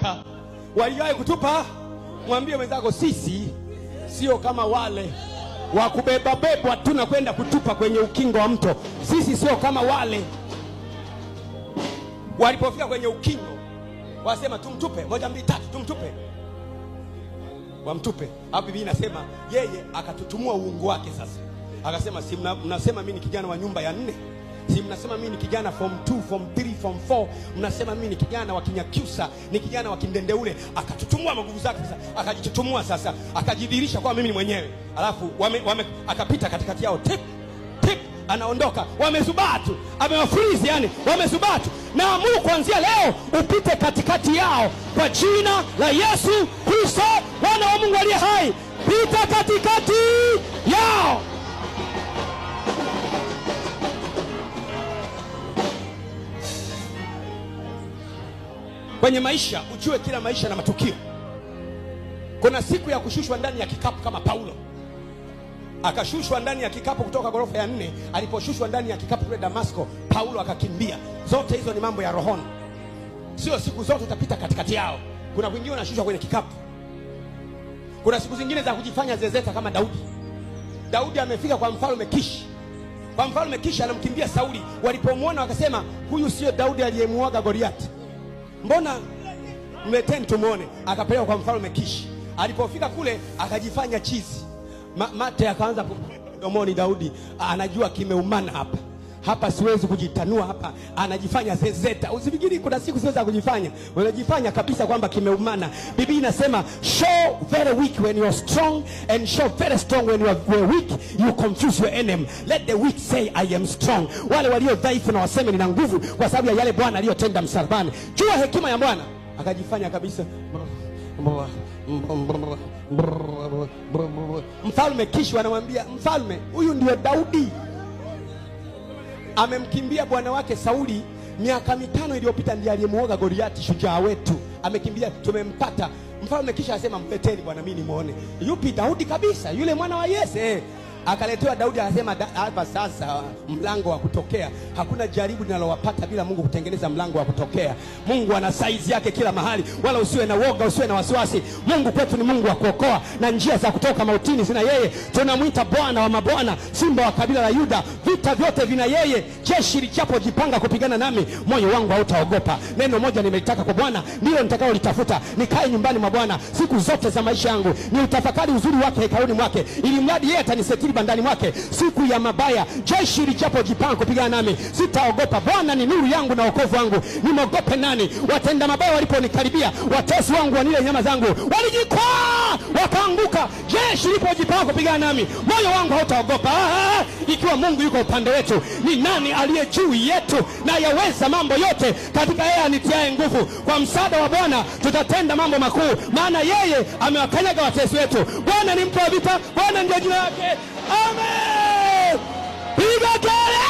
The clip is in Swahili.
kutupa waliwahi kutupa. Mwambie wenzako, sisi sio kama wale wa kubeba tu na kwenda kutupa kwenye ukingo wa mto. Sisi sio kama wale walipofika kwenye ukingo, wasema tumtupe, moja mbili tatu, tumtupe, wamtupe. Hapo Biblia inasema yeye akatutumua uungu wake. Sasa akasema si mnasema mimi ni kijana wa nyumba ya nne si mnasema mimi ni kijana form 2 form 3 form 4 mnasema mimi ni kijana wa kinyakyusa ni kijana wa kindendeule akatutumua maguvu zake sasa akajitutumua sasa akajidhihirisha kwa mimi ni mwenyewe alafu wame, wame, akapita katikati yao tip tip anaondoka wamezubatu amewafurizi yani wamezubatu naamuru kuanzia leo upite katikati yao kwa jina la yesu kristo bwana wa mungu aliye hai pita katikati yao Kwenye maisha ujue kila maisha na matukio. Kuna siku ya kushushwa ndani ya kikapu kama Paulo akashushwa ndani ya kikapu kutoka ghorofa ya nne. Aliposhushwa ndani ya kikapu kule Damasko, Paulo akakimbia. Zote hizo ni mambo ya rohoni, sio siku zote utapita katikati yao. Kuna kwingine unashushwa kwenye kikapu, kuna siku zingine za kujifanya zezeta kama Daudi. Daudi amefika kwa mfalme Kishi, kwa mfalme Kishi anamkimbia Sauli. Walipomwona wakasema, huyu sio Daudi aliyemuaga goriati mbona mleteni tumuone. Akapelekwa kwa mfalme Kishi, alipofika kule akajifanya chizi, mate akaanza domoni. Daudi anajua kimeumana hapa hapa siwezi kujitanua hapa, anajifanya zezeta. Usifikiri kuna siku siweza kujifanya, unajifanya kabisa kwamba kimeumana. Biblia inasema show very weak when you are strong and show very strong when you are weak, you confuse your enemy. Let the weak say I am strong, wale walio dhaifu na waseme nina nguvu, kwa sababu ya yale Bwana aliyotenda msalabani. Jua hekima ya Bwana, akajifanya kabisa Mfalme Kishwa anamwambia mfalme, huyu ndio Daudi amemkimbia bwana wake Sauli miaka mitano iliyopita, ndiye aliyemuoga Goliati, shujaa wetu, amekimbia, tumempata. Mfalme kisha asema, mleteni bwana, mimi nimuone. Yupi? Daudi kabisa, yule mwana wa Yese. Akaletewa Daudi akasema, hapa sasa mlango wa kutokea. Hakuna jaribu linalowapata bila Mungu kutengeneza mlango wa kutokea. Mungu ana saizi yake kila mahali, wala usiwe na woga, usiwe na wasiwasi. Mungu kwetu ni Mungu wa kuokoa, na njia za kutoka mautini zina yeye. Tunamwita Bwana wa mabwana, Simba wa kabila la Yuda. Vita vyote vina yeye. Jeshi lijapo jipanga kupigana nami, moyo wangu hautaogopa. Neno moja nimelitaka kwa Bwana, ndilo nitakaolitafuta, nikae nyumbani mwa Bwana siku zote za maisha yangu, niutafakari uzuri wake hekaluni mwake, ili mradi yeye atanisetiri ujasiri ndani mwake siku ya mabaya. Jeshi lijapo jipanga kupigana nami sitaogopa. Bwana ni nuru yangu na wokovu wangu, nimogope nani? Watenda mabaya waliponikaribia, watesi wangu wanile nyama zangu, walijikwaa wakaanguka. Jeshi lipo jipanga kupigana nami, moyo wangu hautaogopa. Ah, ah, ah. ikiwa Mungu yuko upande wetu, ni nani aliye juu yetu? Na yaweza mambo yote katika yeye anitiaye nguvu. Kwa msaada wa Bwana tutatenda mambo makuu, maana yeye amewakanyaga watesi wetu. Bwana ni mtu wa vita, Bwana ndiye jina lake. Amém! Diga glória!